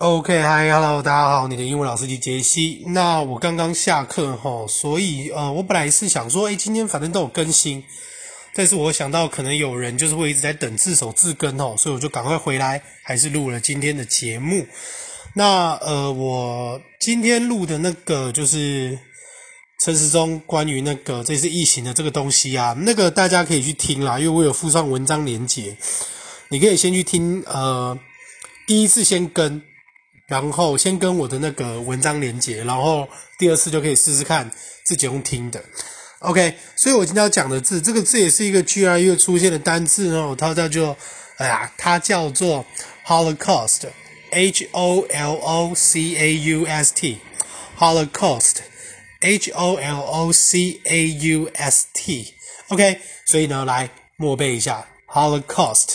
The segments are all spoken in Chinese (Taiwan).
OK，Hi，Hello，okay，大家好，你的英文老師機傑西。那我剛剛下課哈，所以呃，我本來是想說，哎，欸，今天反正都有更新，但是我想到可能有人就是會一直在等字首字根哦，所以我就趕快回來，還是錄了今天的節目。那呃，我今天錄的那個就是陳時中關於那個這次疫情的這個東西啊，那個大家可以去聽啦，因為我有附上文章鏈接，你可以先去聽，呃，第一次先跟。然後先跟我的那個文章連結，然後第二次就可以試試看自己用聽的，OK。所以我今天要講的字，這個字也是一個 GRE 出現的單字，哦。它叫做，哎呀，它叫做 Holocaust，H-O-L-O-C-A-U-S-T，Holocaust，H-O-L-O-C-A-U-S-T，OK。所以呢，來默背一下 Holocaust。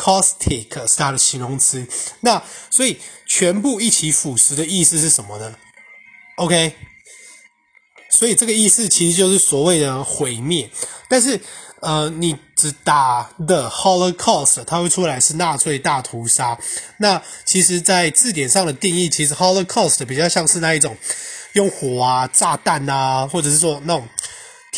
caustic 是它的形容詞，那所以全部一起腐蝕的意思是什麼呢？OK，所以這個意思其實就是所謂的毀滅。但是，呃，你只打 the Holocaust，它會出來是納粹大屠殺。那其實在字典上的定義，其實 Holocaust 比較像是那一種用火啊、炸彈啊，或者是說那種。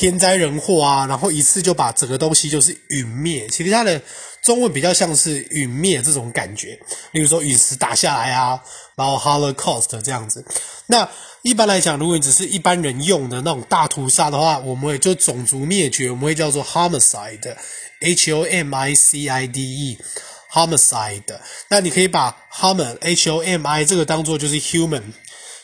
天災人禍啊，然後一次就把整個東西就是隕滅。其實它的中文比較像是隕滅這種感覺，例如說隕石打下來啊，然後 Holocaust 這樣子。那一般來講，如果你只是一般人用的那種大屠殺的話，我們也就種族滅絕，我們會叫做 homicide，h-o-m-i-c-i-d-e，homicide。那你可以把 homi，h-o-m-i 這個當做就是 human。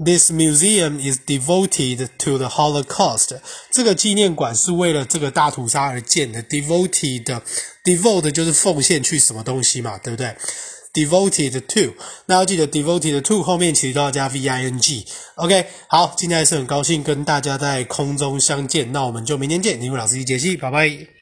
This museum is devoted to the Holocaust。這個紀念館是為了這個大屠殺而建的。Devoted，devoted 就是奉獻去什麼東西嘛，對不對？Devoted to，那要記得 devoted to 後面其實都要加 v i n g。OK，好，今天還是很高興跟大家在空中相見，那我們就明天見。你的英文老師傑西，拜拜。